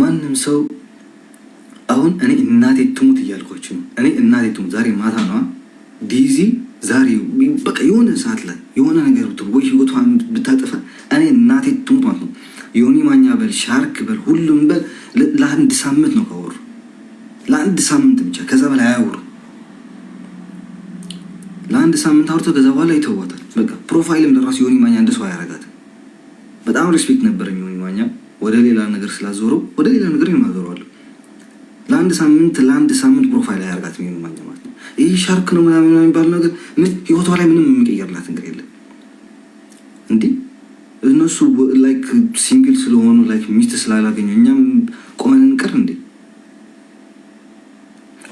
ማንም ሰው አሁን እኔ እናቴ ትሙት እያልኳችሁ ነው። እኔ እናቴ ትሙት ዛሬ ማታ ነዋ ዲዚ ዛሬ በቃ የሆነ ሰዓት ላይ የሆነ ነገር ብትል ወይ ህይወቷን ብታጠፋ እኔ እናቴ ትሙት ማለት ነው። የሆኒ ማኛ በል ሻርክ በል ሁሉም በል ለአንድ ሳምንት ነው ካወሩ ለአንድ ሳምንት ብቻ ከዛ በላይ አያወሩ። ለአንድ ሳምንት አውርተው ከዛ በኋላ ይተዋታል። በቃ ፕሮፋይልም ለራሱ የሆኒ ማኛ እንደ ሰው አያረጋት። በጣም ሪስፔክት ነበር የሆኒ ማኛ ወደ ሌላ ነገር ስላዞረው ወደ ሌላ ነገር ይናገረዋለሁ። ለአንድ ሳምንት ለአንድ ሳምንት ፕሮፋይል ያርጋት ሚሆን ማለት ነው። ይህ ሻርክ ነው ምናምን የሚባል ነገር ህይወቷ ላይ ምንም የሚቀየርላት ነገር የለም። እንዲህ እነሱ ላይክ ሲንግል ስለሆኑ ላይክ ሚስት ስላላገኙ እኛም ቆመን እንቀር እንዴ?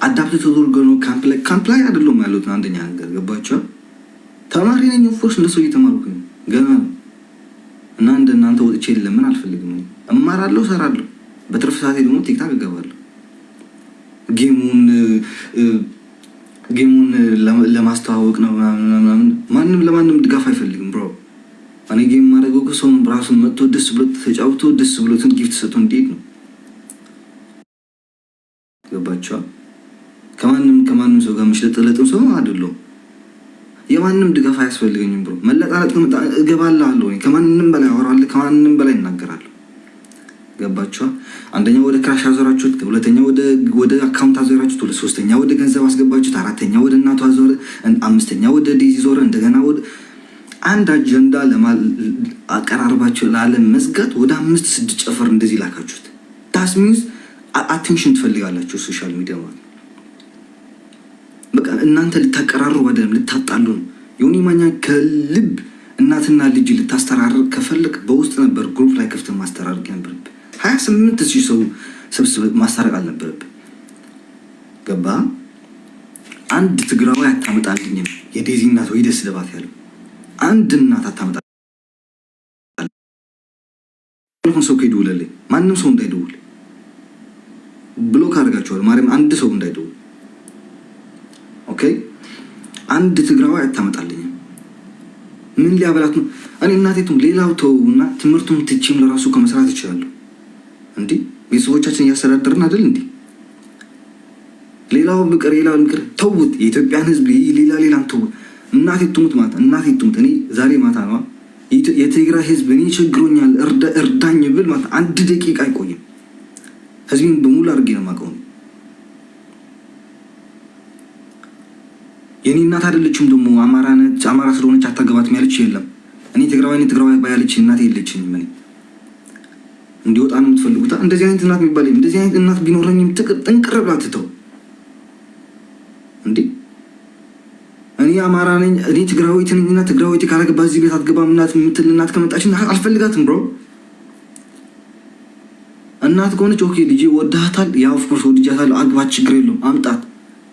አዳፕት ተደርጎ ነው ካምፕ ላይ ካምፕ ላይ አይደለም ያሉት። አንደኛ ነገር ገባቸዋል። ተማሪ ነኝ ፎርስ እንደሰው እየተማርኩ ገና ነው እና እንደ እናንተ ወጥቼ ለምን አልፈልግም እማራለሁ፣ ሰራለሁ። በትርፍ ሰዓቴ ደግሞ ቲክታክ እገባለሁ። ጌሙን ጌሙን ለማስተዋወቅ ነው ምናምን። ማንም ለማንም ድጋፍ አይፈልግም ብሮ። እኔ ጌም ማድረገው ሰውም ራሱን መጥቶ ደስ ብሎት ተጫውቶ ደስ ብሎትን ጊፍት ሰጥቶ እንዴት ነው ገባቸዋል። ከማንም ከማንም ሰው ጋር ምሽለጥለጥም ሰው አይደለሁም። የማንም ድጋፍ አያስፈልገኝም ብሮ። መለጣለጥ እገባላለሁ። ከማንም በላይ አወራለሁ። ከማንም በላይ እናገራለሁ። ገባችኋል? አንደኛ ወደ ክራሽ አዞራችሁት፣ ሁለተኛ ወደ አካውንት አዞራችሁት፣ ሁለት ሶስተኛ ወደ ገንዘብ አስገባችሁት፣ አራተኛ ወደ እናቱ አዞረ፣ አምስተኛ ወደ ዲዚ ዞረ። እንደገና ወደ አንድ አጀንዳ አቀራርባችሁ ለዓለም መዝጋት ወደ አምስት ስድስት ጨፈር እንደዚህ ላካችሁት። ታስ አቴንሽን ትፈልጋላችሁ ሶሻል ሚዲያ ማለት በቃ እናንተ ልታቀራሩ አይደለም ልታጣሉ ነው። ዮኒ ማኛ ከልብ እናትና ልጅ ልታስተራርቅ ከፈለግ በውስጥ ነበር ግሩፕ ላይ ክፍት ማስተራርቅ ነበርብ ሀያ ስምንት ሺህ ሰው ስብስብ ማሳረቅ አልነበረብን። ገባ አንድ ትግራዊ አታመጣልኝም። የዴዚ እናት ወይ ደስ ደባት ያለው አንድ እናት አታመጣ ሰው ከይደውለልኝ ማንም ሰው እንዳይደውል ብሎክ አድርጋቸዋል። ማርያም አንድ ሰው እንዳይደውል ኦኬ። አንድ ትግራዊ አታመጣልኝም። ምን ሊያበላት ነው? እኔ እናቴቱም ሌላው ተውና ትምህርቱም ትቼም ለራሱ ከመስራት ይችላለሁ። እንዲ ቤተሰቦቻችን እያስተዳደርን አይደል? እንዲ ሌላው ምቅር ሌላው ምቅር ተውት፣ የኢትዮጵያን ህዝብ ሌላ ሌላም ተውት። እናቴ ትሙት ማታ እናቴ ትሙት እኔ ዛሬ ማታ ነዋ የትግራይ ሕዝብ እኔ ቸግሮኛል እርዳኝ ብል ማታ አንድ ደቂቃ አይቆይም። ሕዝቤን በሙሉ አድርጌ ነው የማውቀው። የኔ እናት አይደለችም ደግሞ አማራ ስለሆነች አታገባትም ያለች የለም። እኔ ትግራዊ ትግራዊ ባያለች እናቴ የለችም። እንዲወጣ ነው የምትፈልጉት። እንደዚህ አይነት እናት የሚባል እንደዚህ አይነት እናት ቢኖረኝም ጥንቅር ብላ ትተው እንዴ እኔ አማራ ነኝ እኔ ትግራዊት ነኝና ትግራዊት ካረግ እዚህ ቤት አትገባም እናት የምትል እናት ከመጣች አልፈልጋትም ብሮ እናት ከሆነች ኦኬ ልጄ ወዳታል፣ ያ ኦፍኮርስ ወድጃታል፣ አግባት፣ ችግር የለውም አምጣት፣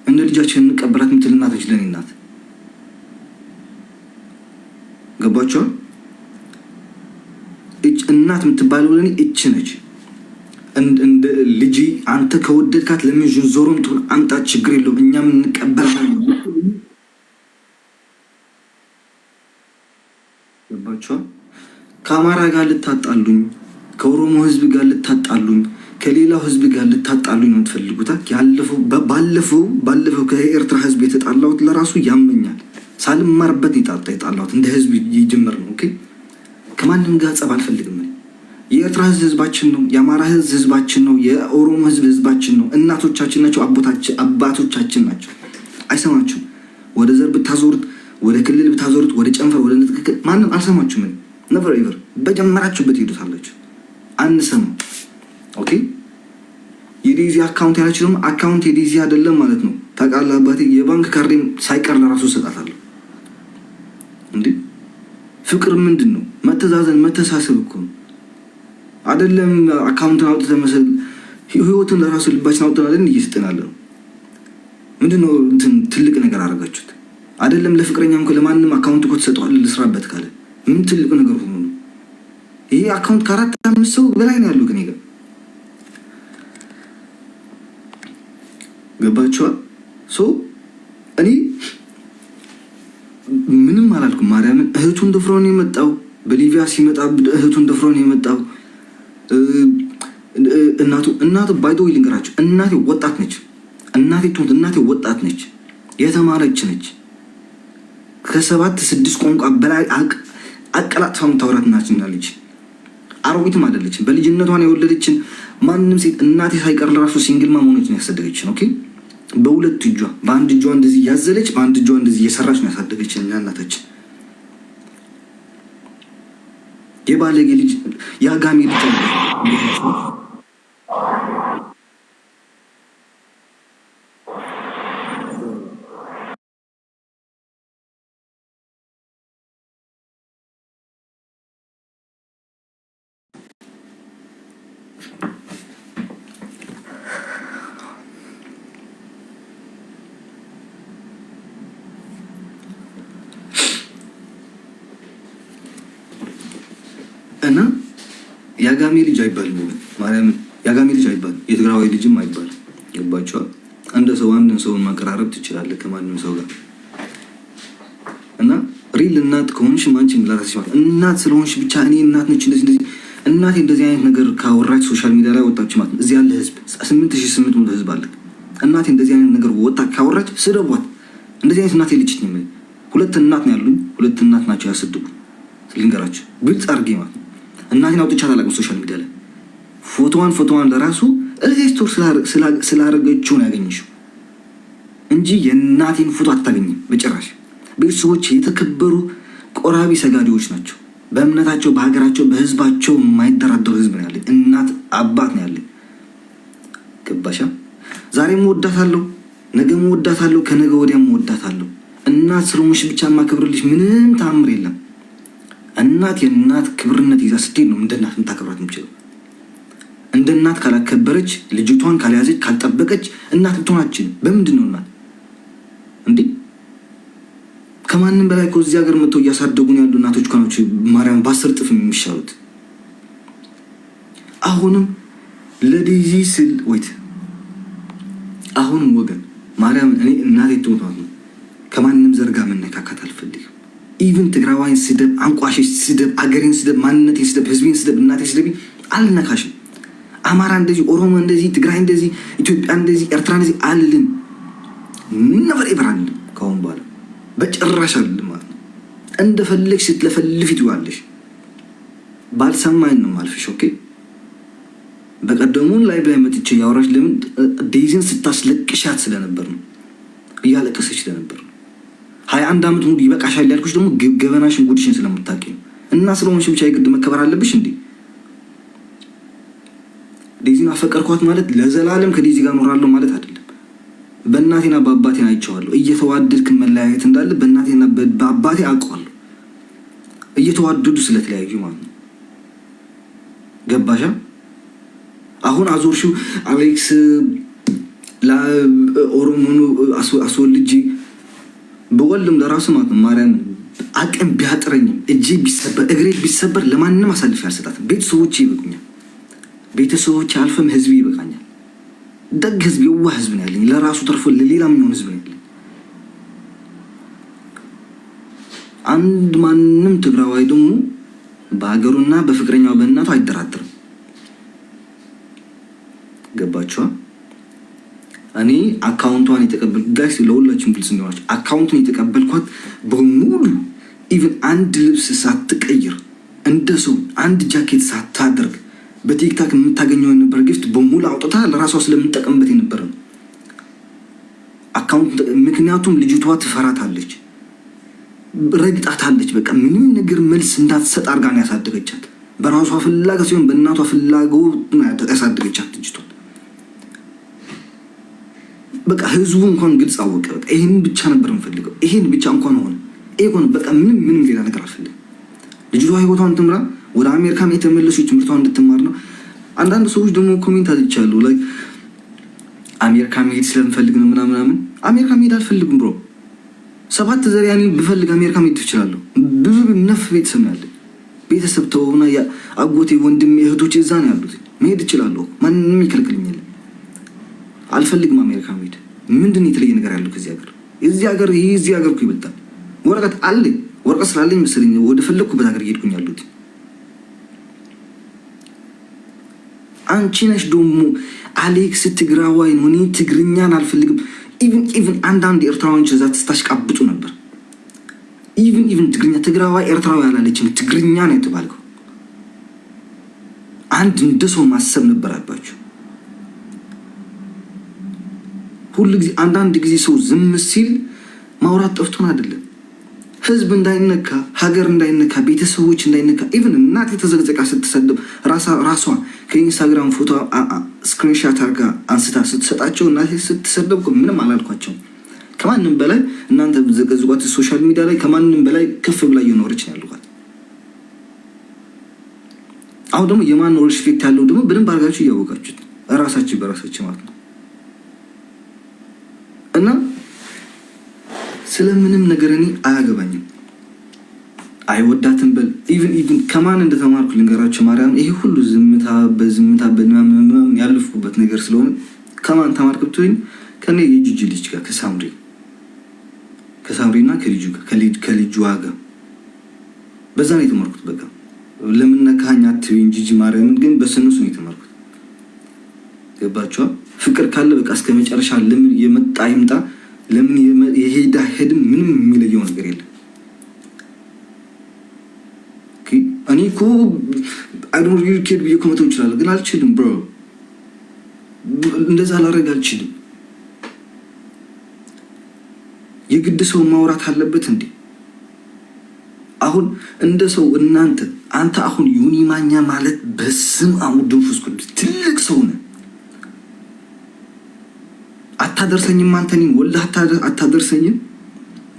እንደ ልጃችን እንቀበላት የምትል እናቶች ለኔ እናት ገባቸዋል። እናት የምትባለው ለእኔ እች ነች። ልጅ አንተ ከወደድካት ለምን ዞሮም ትሆን አንጣ ችግር የለውም እኛም እንቀበል ገባቸዋል። ከአማራ ጋር ልታጣሉኝ፣ ከኦሮሞ ህዝብ ጋር ልታጣሉኝ፣ ከሌላው ህዝብ ጋር ልታጣሉኝ ነው የምትፈልጉታ። ባለፈው ባለፈው ከኤርትራ ህዝብ የተጣላሁት ለራሱ ያመኛል። ሳልማርበት የጣጣ የጣላሁት እንደ ህዝብ ይጀምር ነው። ከማንም ጋር ጸብ አልፈልግም። የኤርትራ ህዝብ ህዝባችን ነው። የአማራ ህዝብ ህዝባችን ነው። የኦሮሞ ህዝብ ህዝባችን ነው። እናቶቻችን ናቸው። አባቶቻችን ናቸው። አይሰማችሁም። ወደ ዘር ብታዞሩት፣ ወደ ክልል ብታዞሩት፣ ወደ ጨንፈር፣ ወደ ንትክክል ማንም አልሰማችሁም። ምን ነቨር ኤቨር በጀመራችሁበት ሄዱታላችሁ። አንሰማ ኦኬ። የዲዚ አካውንት ያላችሁ ደግሞ አካውንት የዲዚ አይደለም ማለት ነው። ታውቃለህ አባቴ የባንክ ካርዴም ሳይቀር ለራሱ እሰጣታለሁ። እንዲህ ፍቅር ምንድን ነው? መተዛዘን መተሳሰብ እኮ ነው። አይደለም አካውንትን አውጥተን መሰል ህይወትን ለራሱ ልባችን አውጥተን አይደል እየሰጠናለ ነው። ነው ትልቅ ነገር አደረጋችሁት? አይደለም እንኳ ለማንም አካውንት እኮ ተሰጠዋል። ልስራበት ካለ ምን ትልቅ ነገር ሆኖ ነው? ይሄ አካውንት ከአራት አምስት ሰው በላይ ነው ያለው። ግን ይገ ገባችኋል? እኔ ምንም አላልኩም። ማርያምን እህቱን ደፍሮን የመጣው በሊቪያ ሲመጣ እህቱን ደፍሮን የመጣው እናቱ እናቱ ባይዶ ልንገራችሁ፣ እናቴ ወጣት ነች። እናቴ ትሁን እናቴ ወጣት ነች፣ የተማረች ነች። ከሰባት ስድስት ቋንቋ በላይ አቀላጥፋ የምታወራት እናችናለች። አሮጊትም አይደለችም። በልጅነቷን የወለደችን ማንም ሴት እናቴ ሳይቀር ለራሱ ሲንግል ማም ሆነች ነው ያሳደገችን። ኦኬ በሁለት እጇ በአንድ እጇ እንደዚህ እያዘለች በአንድ እጇ እንደዚህ እየሰራች ነው ያሳደገችን እናታችን። የባለጌ ልጅ የአጋሜ ልጅ እና የአጋሜ ልጅ አይባልም። ማርያም የአጋሜ ልጅ አይባልም። የትግራዊ ልጅም አይባልም። ገባችኋል? አንድ ሰው አንድን ሰውን ማቀራረብ ትችላለህ ከማንም ሰው ጋር እና ሪል እናት ከሆንሽ ማንችን ላራስ እናት ስለሆንሽ ብቻ እኔ እናት ነች እንደዚህ እንደዚህ እናቴ እንደዚህ አይነት ነገር ካወራች ሶሻል ሚዲያ ላይ ወጣች ማለት ነው። እዚህ ያለ ህዝብ ስምንት ሺህ ስምንት መቶ ህዝብ አለ። እናቴ እንደዚህ አይነት ነገር ወጣ ካወራች ስደቧት። እንደዚህ አይነት እናቴ ልጅት ሁለት እናት ነው ያሉኝ። ሁለት እናት ናቸው ያሰደጉ ልንገራቸው ግልጽ አድርጌ ማለት ነው። እናቴን አውጥቻት አላውቅም። ሶሻል ሚዲያ ላይ ፎቶዋን ፎቶዋን ለራሱ ሬስቶር ስላረገችው ነው ያገኘሽው እንጂ የእናቴን ፎቶ አታገኝም በጭራሽ። ቤተሰቦች የተከበሩ ቆራቢ ሰጋዴዎች ናቸው። በእምነታቸው፣ በሀገራቸው፣ በህዝባቸው የማይደራደሩ ህዝብ ነው ያለ እናት አባት ነው ያለ ገባሻ? ዛሬ እወዳታለሁ፣ ነገም እወዳታለሁ፣ ከነገ ወዲያም እወዳታለሁ። እናት ስለሆንሽ ብቻ የማከብርልሽ ምንም ታምር የለም። እናት የእናት ክብርነት ይዛ ስትሄድ ነው እንደ እናት ልታከብራት የምችለው። እንደ እናት ካላከበረች፣ ልጅቷን ካልያዘች፣ ካልጠበቀች እናት ልትሆናችን በምንድን ነው እናት እንዴ? ከማንም በላይ ከዚህ ሀገር መጥተው እያሳደጉን ያሉ እናቶች ኳኖች ማርያም በአስር ጥፍ የሚሻሉት አሁንም ለዲዚ ስል ወይት አሁንም ወገን ማርያም እኔ እናቴ ትሞት ነው። ከማንም ዘርጋ መነካካት አልፈልግም። ኢቨን ትግራዋይን ስደብ፣ አንቋሽሽ ስደብ፣ አገሬን ስደብ፣ ማንነቴን ስደብ፣ ህዝቤን ስደብ፣ እናቴ ስደብ አልነካሽም። አማራ እንደዚህ፣ ኦሮሞ እንደዚህ፣ ትግራይ እንደዚህ፣ ኢትዮጵያ እንደዚህ፣ ኤርትራ እንደዚህ አልልም። ነበር ይበራል አልልም። ከአሁን በኋላ በጭራሽ አልልም ማለት ነው። እንደፈለግሽ ስትለፈልፊ ትዋለሽ። ባልሰማኝ ነው ማልፍሽ። ኦኬ በቀደሙን ላይ ላይ መጥቼ ያወራሽ ለምን ዴይዝን ስታስለቅሻት ስለነበር ነው፣ እያለቀሰች ስለነበር ሀያ አንድ ዓመት ሙሉ ይበቃሻል ያልኩሽ ደግሞ ገበናሽን ጉድሽን ስለምታውቂ እና ስለሆንሽ ብቻ የግድ መከበር አለብሽ እንዴ? ዴዚን አፈቀርኳት ማለት ለዘላለም ከዴዚ ጋር ኖራለሁ ማለት አይደለም። በእናቴና በአባቴን አይቼዋለሁ። እየተዋደድክን መለያየት እንዳለ በእናቴና በአባቴ አውቀዋለሁ። እየተዋደዱ ስለተለያዩ ማለት ነው። ገባሻ? አሁን አዞርሽው አሌክስ ኦሮሞኑ አስወልጄ ወልም ለራሱ ማለት ነው ማርያም አቅም ቢያጥረኝ እጄ ቢሰበር እግሬ ቢሰበር ለማንም አሳልፌ አልሰጣትም። ቤተሰቦች ይበቁኛል። ቤተሰቦች አልፈም ህዝብ ይበቃኛል። ደግ ህዝብ፣ የዋ ህዝብ ነው ያለኝ። ለራሱ ተርፎ ለሌላ የሚሆን ህዝብ ነው ያለኝ። አንድ ማንም ትግራዋይ ደግሞ በሀገሩና በፍቅረኛው በእናቱ አይደራደርም። ገባችኋል? እኔ አካውንቷን የተቀበልኩት ጋይስ ለሁላችሁም ግልጽ እንዲሆናችሁ አካውንቱን የተቀበልኳት በሙሉ ኢቨን አንድ ልብስ ሳትቀይር እንደ ሰው አንድ ጃኬት ሳታደርግ በቲክታክ የምታገኘው የነበረ ጊፍት በሙሉ አውጥታ ለራሷ ስለምጠቀምበት የነበረ ነው አካውንት። ምክንያቱም ልጅቷ ትፈራታለች፣ ረግጣታለች። በቃ ምንም ነገር መልስ እንዳትሰጥ አድርጋ ነው ያሳደገቻት። በራሷ ፍላጋ ሲሆን በእናቷ ፍላጎ ያሳደገቻት። በቃ ህዝቡ እንኳን ግልጽ አወቀ። በቃ ይህን ብቻ ነበር የምፈልገው፣ ይህን ብቻ እንኳን ሆነ። ይህ ሆነ በቃ ምንም ምንም ሌላ ነገር አልፈልግም። ልጅቷ ህይወቷን ትምራ፣ ወደ አሜሪካን የተመለሰች ትምህርቷን እንድትማር ነው። አንዳንድ ሰዎች ደግሞ ኮሜንት አዝቻለሁ፣ ላይ አሜሪካ መሄድ ስለምፈልግ ነው ምናምናምን። አሜሪካ መሄድ አልፈልግም ብሮ ሰባት ዘር ያኔ ብፈልግ አሜሪካ መሄድ ትችላለሁ። ብዙ ነፍ ቤተሰብ ያለ ቤተሰብ ተሆነ አጎቴ፣ ወንድም፣ እህቶች እዛ ነው ያሉት። መሄድ እችላለሁ፣ ማንም ይከልክልኛል አልፈልግም አሜሪካ መሄድ። ምንድን የተለየ ነገር ያለው ከዚህ ሀገር? እዚህ ሀገር ይህ እዚህ ሀገር ይበልጣል። ወረቀት አለኝ ወረቀት ስላለኝ መሰለኝ ወደ ፈለግኩበት ሀገር እየሄድኩኝ ያሉት። አንቺ ነሽ ደግሞ አሌክስ ትግራዋይ ነው እኔ ትግርኛን አልፈልግም። ኢቭን ኢቭን አንዳንድ ኤርትራውያን እዛ ስታሽቃብጡ ነበር። ኢቭን ኢቭን ትግርኛ ትግራዋይ ኤርትራዊ አላለችም፣ ትግርኛ ነው የተባልከው። አንድ እንደ ሰው ማሰብ ነበር ነበረባችሁ። ሁሉ ጊዜ አንዳንድ ጊዜ ሰው ዝም ሲል ማውራት ጠፍቶን አይደለም። ህዝብ እንዳይነካ፣ ሀገር እንዳይነካ፣ ቤተሰቦች እንዳይነካ ኢቨን እናቴ የተዘቅዘቃ ስትሰድብ ራሷ ከኢንስታግራም ፎቶ ስክሪንሻት አርጋ አንስታ ስትሰጣቸው እናቴ ስትሰደብ ምንም አላልኳቸውም። ከማንም በላይ እናንተ ዘቀዝቋት ሶሻል ሚዲያ ላይ ከማንም በላይ ከፍ ብላ እየኖረች ያልኳት። አሁን ደግሞ የማን ሪስፔክት ያለው ደግሞ በደንብ አርጋችሁ እያወቃችሁት ራሳችን በራሳችን ማለት ነው። እና ስለምንም ነገር እኔ አያገባኝም። አይወዳትም በል ኢቭን ኢቭን ከማን እንደተማርኩ ልንገራቸው። ማርያም ይሄ ሁሉ ዝምታ በዝምታ በምናምን ያለፍኩበት ነገር ስለሆነ ከማን ተማርክ ብትለኝ ከኔ የጅጅ ልጅ ጋር ከሳምሪ ከሳምሪ እና ከልጁ ጋር ከልጁ ዋጋ በዛ ነው የተማርኩት። በቃ ለምን ነካኸኝ አትበይኝ ጂጂ ማርያምን ግን በስንሱ ነው የተማርኩት። ገባችኋል? ፍቅር ካለ በቃ እስከ መጨረሻ ለምን የመጣ ይምጣ፣ ለምን የሄዳ ሄድም ምንም የሚለየው ነገር የለም። እኔ እኮ አይዶር ዩኬድ ብዬ እኮ መተው ግን አልችልም ብሮ። እንደዛ ላደርግ አልችልም። የግድ ሰው ማውራት አለበት እንዴ? አሁን እንደ ሰው እናንተ አንተ አሁን ዮኒ ማኛ ማለት በስም አሁን ድንፉስ ቅዱስ ትልቅ ሰው አታደርሰኝም አንተኒ ወልድ አታደርሰኝም፣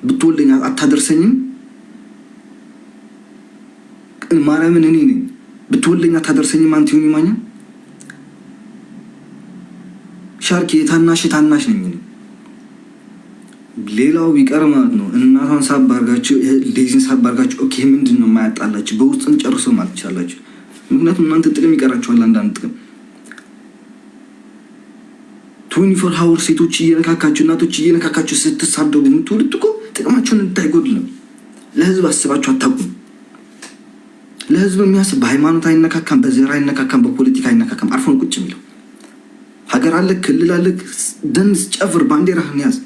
ብትወልደኝ አታደርሰኝም። ማርያምን እኔ ነኝ ብትወልደኝ አታደርሰኝም አንተ ይሁን ይማኛ ሻርክ የታናሽ ታናሽ ነኝ። ሌላው ቢቀር ማለት ነው እናቷን ሳብ አድርጋችሁ ዴዚን ሳብ አድርጋችሁ ኦኬ፣ ምንድን ነው የማያጣላችሁ? በውስጥም ጨርሶ ማለት ትችላላችሁ። ምክንያቱም እናንተ ጥቅም ይቀራችኋል አንዳንድ ጥቅም ቱኒፎር ሀውር ሴቶች እየነካካችሁ እናቶች እየነካካችሁ ስትሳደቡ የምትውሉት እኮ ጥቅማችሁን እንታይጎድ ነው። ለህዝብ አስባችሁ አታቁም። ለህዝብ የሚያስብ በሃይማኖት አይነካካም፣ በዘር አይነካካም፣ በፖለቲካ አይነካካም። አርፎን ቁጭ የሚለው ሀገር አለ፣ ክልል አለ፣ ደንስ፣ ጨፍር፣ ባንዲራህን ያዝ።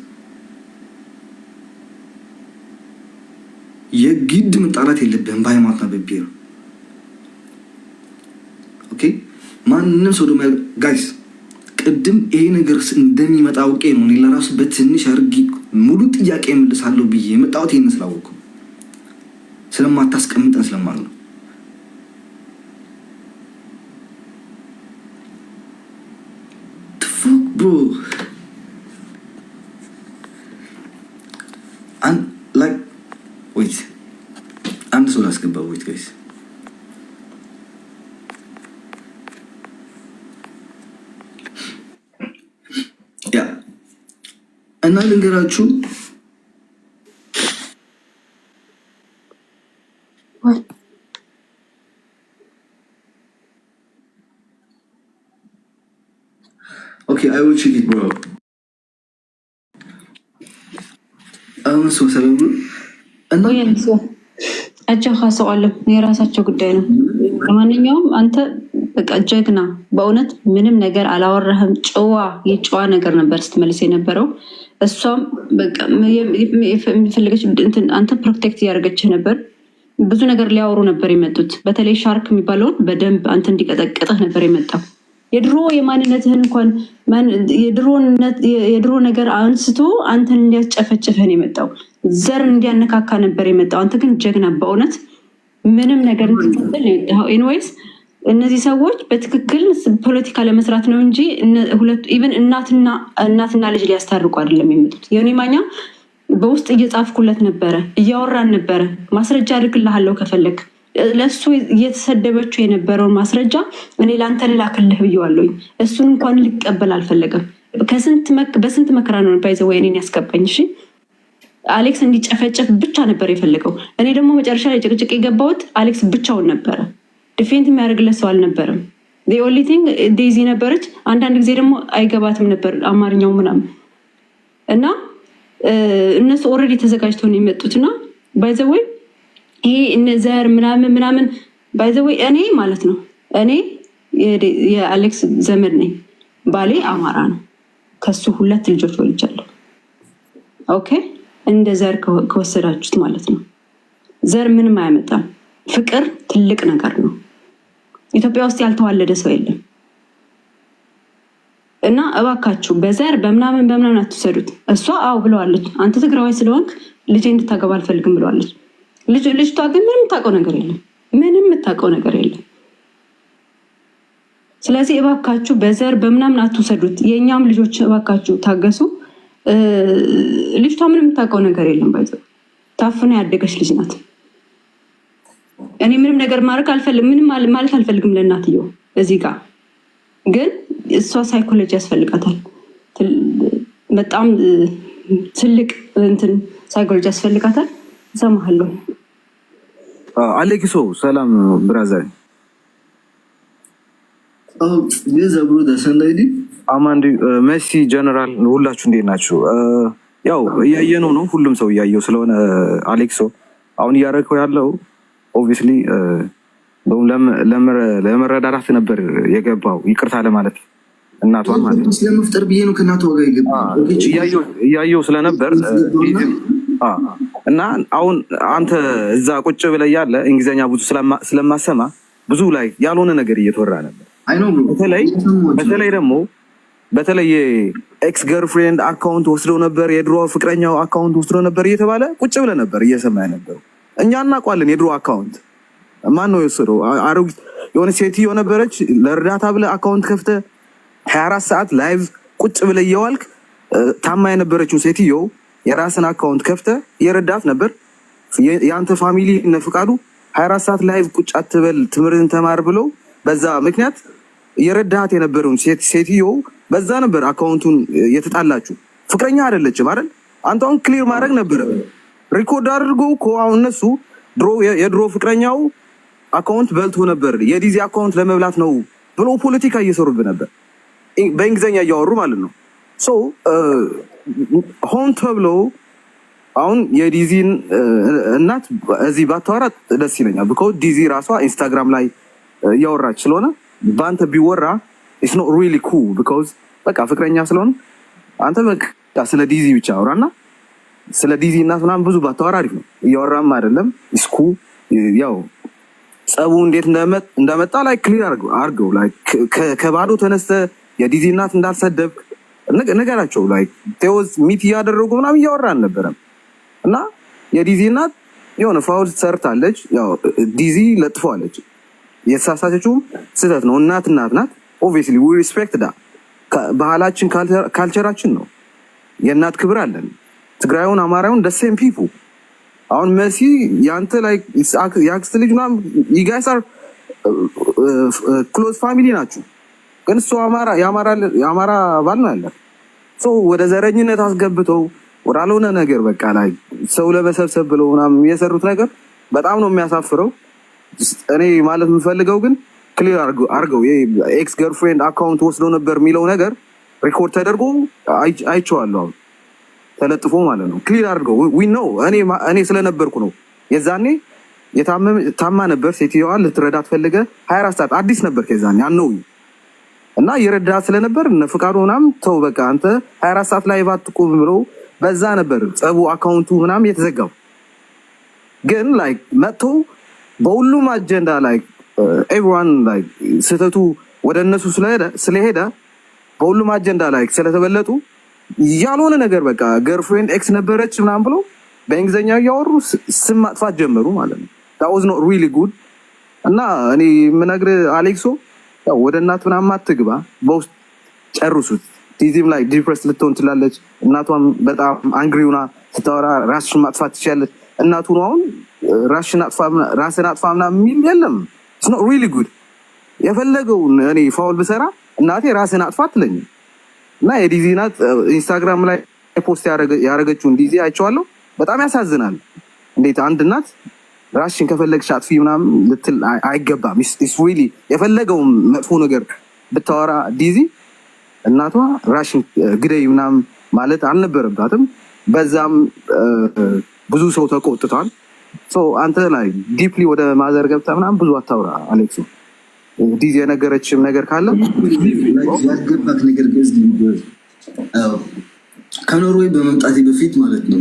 የግድ መጣላት የለብህም በሃይማኖትና በብሔር ኦኬ። ማንም ሰው ደግሞ ጋይስ ቅድም ይሄ ነገር እንደሚመጣ አውቄ ነው። እኔ ለራሱ በትንሽ አድርጊ ሙሉ ጥያቄ መልሳለሁ ብዬ የመጣሁት ይህን ስላወቅኩ ስለማታስቀምጠን ስለማል ነው። አንድ ሰው ላስገባ ወይት እና ልንገራችሁ እጃ ካሰቋለም የራሳቸው ጉዳይ ነው። ለማንኛውም አንተ በቃ ጀግና፣ በእውነት ምንም ነገር አላወራህም። ጨዋ የጨዋ ነገር ነበር ስትመልስ የነበረው እሷም የፈለገች አንተ ፕሮቴክት እያደረገች ነበር። ብዙ ነገር ሊያወሩ ነበር የመጡት። በተለይ ሻርክ የሚባለውን በደንብ አንተ እንዲቀጠቅጥህ ነበር የመጣው። የድሮ የማንነትህን እንኳን የድሮ ነገር አንስቶ አንተን እንዲያስጨፈጭፍህን የመጣው ዘር እንዲያነካካ ነበር የመጣው። አንተ ግን ጀግና በእውነት ምንም ነገር ንትል ወይስ እነዚህ ሰዎች በትክክል ፖለቲካ ለመስራት ነው እንጂ ኢቨን እናትና ልጅ ሊያስታርቁ አይደለም የመጡት። የኔ ማኛ በውስጥ እየጻፍኩለት ነበረ፣ እያወራን ነበረ። ማስረጃ አድርግልሃለሁ ከፈለግ ለእሱ እየተሰደበችው የነበረውን ማስረጃ እኔ ለአንተ ልላክልህ ብየዋለኝ። እሱን እንኳን ልቀበል አልፈለገም። በስንት መከራ ነው ባይዘ ወይ እኔን ያስቀባኝ። እሺ አሌክስ እንዲጨፈጨፍ ብቻ ነበር የፈለገው። እኔ ደግሞ መጨረሻ ላይ ጭቅጭቅ የገባሁት አሌክስ ብቻውን ነበረ። ዲፌንት የሚያደርግለት ሰው አልነበረም። ኦንሊ ቲንግ ዴዚ ነበረች። አንዳንድ ጊዜ ደግሞ አይገባትም ነበር አማርኛው ምናምን እና እነሱ ኦልሬዲ ተዘጋጅተው ነው የመጡት እና ባይዘወይ ይሄ እነ ዘር ምናምን ምናምን ባይዘወይ እኔ ማለት ነው እኔ የአሌክስ ዘመድ ነኝ። ባሌ አማራ ነው። ከሱ ሁለት ልጆች ወልጃለሁ። ኦኬ እንደ ዘር ከወሰዳችሁት ማለት ነው ዘር ምንም አያመጣም። ፍቅር ትልቅ ነገር ነው። ኢትዮጵያ ውስጥ ያልተዋለደ ሰው የለም። እና እባካችሁ በዘር በምናምን በምናምን አትውሰዱት። እሷ አው ብለዋለች፣ አንተ ትግራዋይ ስለሆንክ ልጄ እንድታገባ አልፈልግም ብለዋለች። ልጅቷ ግን ምንም የምታውቀው ነገር የለም፣ ምንም የምታውቀው ነገር የለም። ስለዚህ እባካችሁ በዘር በምናምን አትውሰዱት። የእኛም ልጆች እባካችሁ ታገሱ። ልጅቷ ምንም የምታውቀው ነገር የለም። ባይዘ ታፍና ያደገች ልጅ ናት። እኔ ምንም ነገር ማድረግ አልፈልግም፣ ምንም ማለት አልፈልግም ለእናትየው። እዚህ ጋር ግን እሷ ሳይኮሎጂ ያስፈልጋታል። በጣም ትልቅ እንትን ሳይኮሎጂ ያስፈልጋታል። እሰማሃለሁ አሌክሶ። ሰላም ብራዘር ዘብሮ ተሰናይዲ አማንዲ መሲ ጀነራል፣ ሁላችሁ እንዴት ናችሁ? ያው እያየነው ነው፣ ሁሉም ሰው እያየው ስለሆነ አሌክሶ አሁን እያደረገው ያለው ኦብቪስሊ uh, ለመረዳዳት ነበር የገባው፣ ይቅርታ ለማለት እናቷን ማለት ነው ብዬ ነው። ከእናቷ ጋር እያየው ስለነበር እና አሁን አንተ እዛ ቁጭ ብለህ ያለ እንግሊዝኛ ብዙ ስለማሰማ ብዙ ላይ ያልሆነ ነገር እየተወራ ነበር። በተለይ ደግሞ በተለይ ኤክስ ገርፍሬንድ አካውንት ወስዶ ነበር፣ የድሮ ፍቅረኛው አካውንት ወስዶ ነበር እየተባለ ቁጭ ብለህ ነበር እየሰማ ነበሩ እኛ እናውቋለን። የድሮ አካውንት ማን ነው የወሰደው? አሮጊት የሆነ ሴትዮ ነበረች። ለእርዳታ ብለ አካውንት ከፍተ 24 ሰዓት ላይቭ ቁጭ ብለ እየዋልክ ታማ የነበረችው ሴትዮ የራስን አካውንት ከፍተ የረዳት ነበር። የአንተ ፋሚሊ እነ ፍቃዱ 24 ሰዓት ላይቭ ቁጭ አትበል ትምህርትን ተማር ብለው በዛ ምክንያት የረዳት የነበረውን ሴትዮ በዛ ነበር አካውንቱን የተጣላችሁ። ፍቅረኛ አይደለችም አይደል? አንተውን ክሊር ማድረግ ነበረ። ሪኮርድ አድርጎ እኮ አሁን እነሱ የድሮ ፍቅረኛው አካውንት በልቶ ነበር የዲዚ አካውንት ለመብላት ነው ብሎ ፖለቲካ እየሰሩብ ነበር። በእንግሊዝኛ እያወሩ ማለት ነው። ሆን ተብሎ አሁን የዲዚን እናት እዚህ ባታወራ ደስ ይለኛል። ብከው ዲዚ ራሷ ኢንስታግራም ላይ እያወራች ስለሆነ በአንተ ቢወራ ኢትስ ኖት ሪሊ ኩል ቢካውዝ በቃ ፍቅረኛ ስለሆነ አንተ በቃ ስለ ዲዚ ብቻ አውራና ስለ ዲዚ እናት ምናምን ብዙ ባታወራ አሪፍ ነው። እያወራም አይደለም እስኩ ያው ጸቡ እንዴት እንደመጣ ላይ ክሊር አርገው ከባዶ ተነስተ የዲዚ እናት እንዳልሰደብክ ነገራቸው ላይ ቴዎዝ ሚት እያደረጉ ምናምን እያወራ አልነበረም እና የዲዚ እናት የሆነ ፋውል ሰርታለች። ዲዚ ለጥፏለች። የተሳሳተችውም ስህተት ነው። እናት እናት ናት። ኦብቪየስሊ ዊ ሪስፔክት ዳ ባህላችን ካልቸራችን ነው። የእናት ክብር አለን። ትግራዩን፣ አማራውን ደሴም ፒፑ አሁን መሲ ያንተ ላይ የአክስት ልጅ ምናምን ይጋይስ አር ክሎዝ ፋሚሊ ናችሁ፣ ግን እሱ የአማራ ባል ነው ያለ ሰው ወደ ዘረኝነት አስገብተው ወዳልሆነ ነገር በቃ ላይ ሰው ለመሰብሰብ ብለው ምናምን የሰሩት ነገር በጣም ነው የሚያሳፍረው። እኔ ማለት የምፈልገው ግን ክሊር አድርገው ኤክስ ገርፍሬንድ አካውንት ወስዶ ነበር የሚለው ነገር ሪኮርድ ተደርጎ አይቼዋለሁ አሁን ተለጥፎ ማለት ነው። ክሊር አድርገው ዊ ነው እኔ ስለነበርኩ ነው የዛኔ ታማ ነበር ሴትዮዋ ልትረዳ ትፈልገ ሀያ ሰዓት አዲስ ነበር ከዛኔ አነው እና የረዳ ስለነበር እነ ፍቃዱ ምናምን ተው በቃ አንተ ሀያ ሰዓት ላይ ባትቁ ብሎ በዛ ነበር ጸቡ አካውንቱ ምናምን የተዘጋው። ግን ላይ መጥቶ በሁሉም አጀንዳ ላይ ኤቭሪዋን ላይ ስህተቱ ወደ እነሱ ስለሄደ በሁሉም አጀንዳ ላይ ስለተበለጡ ያልሆነ ነገር በቃ ገርፍሬንድ ኤክስ ነበረች ምናምን ብሎ በእንግሊዝኛ እያወሩ ስም ማጥፋት ጀመሩ ማለት ነው። ዳዝ ኖት ሪሊ ጉድ እና እኔ የምነግርህ አሌክሶ ወደ እናት ምናምን አትግባ፣ በውስጥ ጨርሱት። ቲዚም ላይ ዲፕረስ ልትሆን ትችላለች። እናቷም በጣም አንግሪ ሆና ስታወራ ራስሽን ማጥፋት ትችላለች። እናቱ ነው አሁን ራስን አጥፋ ምናምን የሚል የለም። ስ ሪሊ ጉድ የፈለገውን እኔ ፋውል ብሰራ እናቴ ራስን አጥፋ አትለኝም። እና የዲዚ ናት ኢንስታግራም ላይ ፖስት ያደረገችውን ዲዚ አይቼዋለሁ። በጣም ያሳዝናል። እንዴት አንድ እናት ራስሽን ከፈለግሽ አጥፊ ምናምን ልትል አይገባም። ሪሊ የፈለገውም መጥፎ ነገር ብታወራ ዲዚ እናቷ ራሽን ግደይ ምናምን ማለት አልነበረባትም። በዛም ብዙ ሰው ተቆጥቷል። አንተ ላይ ዲፕሊ ወደ ማዘር ገብታ ምናምን ብዙ አታውራ አሌክስ። ዲዝ የነገረችም ነገር ካለ ያገባት ነገር ከኖርዌይ በመምጣቴ በፊት ማለት ነው።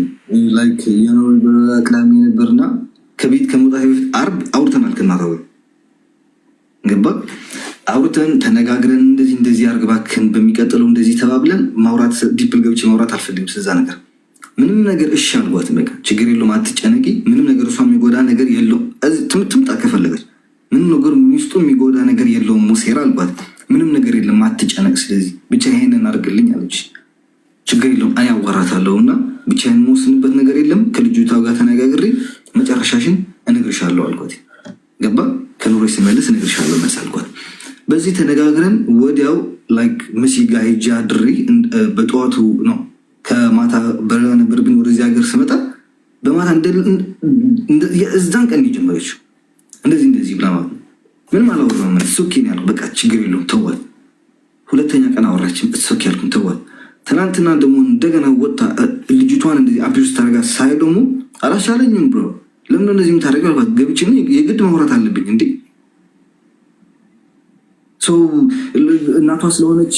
ላይክ የኖርዌይ ቅዳሜ ነበርና ከቤት ከመውጣቴ በፊት አርብ አውርተናል። ከናታዊ ገባ አውርተን ተነጋግረን እንደዚህ እንደዚህ አርግ እባክህን፣ በሚቀጥለው እንደዚህ ተባብለን ማውራት ዲፕል ገብቼ ማውራት አልፈልግም። ስለዛ ነገር ምንም ነገር እሺ አልጓት። በቃ ችግር የለውም አትጨነቂ፣ ምንም ነገር እሷ የሚጎዳ ነገር የለውም። ትምጣ ከፈለገች ምን ነገር ሚስቱ የሚጎዳ ነገር የለውም ሙሴራ አልባት ምንም ነገር የለም አትጨነቅ፣ ስለዚህ ብቻ ይሄንን አድርግልኝ አለች። ችግር የለውም አያዋራታለሁ እና ብቻ የምወስንበት ነገር የለም ከልጅቷ ጋር ተነጋግሬ መጨረሻሽን እነግርሻለሁ አልኳት። ገባ ከኑሮ ስመልስ እነግርሻለሁ መስ አልኳት። በዚህ ተነጋግረን ወዲያው ላይክ መሲ ጋ ሄጄ አድሬ በጠዋቱ ነው ከማታ በረራ ነበረብኝ ወደዚህ ሀገር ስመጣ በማታ እዛን ቀን የጀመረችው እንደዚህ እንደዚህ ብላ ማለት ነው። ምንም አላወራ ማለት ሶኬን ያልኩ በቃ ችግር የለውም ተዋል። ሁለተኛ ቀን አወራችን ሶኬ ያልኩም ተዋል። ትናንትና ደግሞ እንደገና ወጣ ልጅቷን እንደዚህ አቢዩዝ ታደርጋ ሳይ ደግሞ አላሻለኝም ብሎ ለምን እንደዚህ የምታደርገ አልኳት። ገብቼ የግድ ማውራት አለብኝ እንዴ ሰው እናቷ ስለሆነች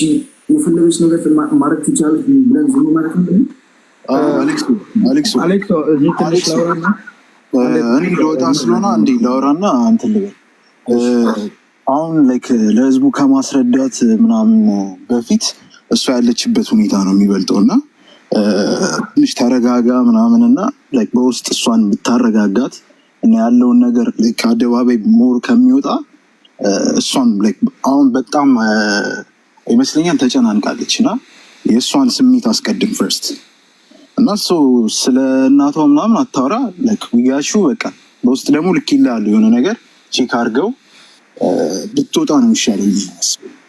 የፈለገች ነገር ማድረግ ትቻለች ብለን ዝም ማለት ነው አሌክሶ አሌክሶ አሌክሶ እዚህ ትንሽ ላውራና እኔ ለወጣ ስለሆነ አንዴ ላውራና እንትን ልበል። አሁን ላይክ ለህዝቡ ከማስረዳት ምናምን በፊት እሷ ያለችበት ሁኔታ ነው የሚበልጠው እና ትንሽ ተረጋጋ ምናምን እና በውስጥ እሷን ብታረጋጋት እና ያለውን ነገር ከአደባባይ ሞር ከሚወጣ እሷን አሁን በጣም ይመስለኛል ተጨናንቃለች እና የእሷን ስሜት አስቀድም ፈርስት እና እሱ ስለ እናቷ ምናምን አታውራ ያሹ በቃ በውስጥ ደግሞ ልክ ይላሉ የሆነ ነገር ቼክ አድርገው ብትወጣ ነው የሚሻለው።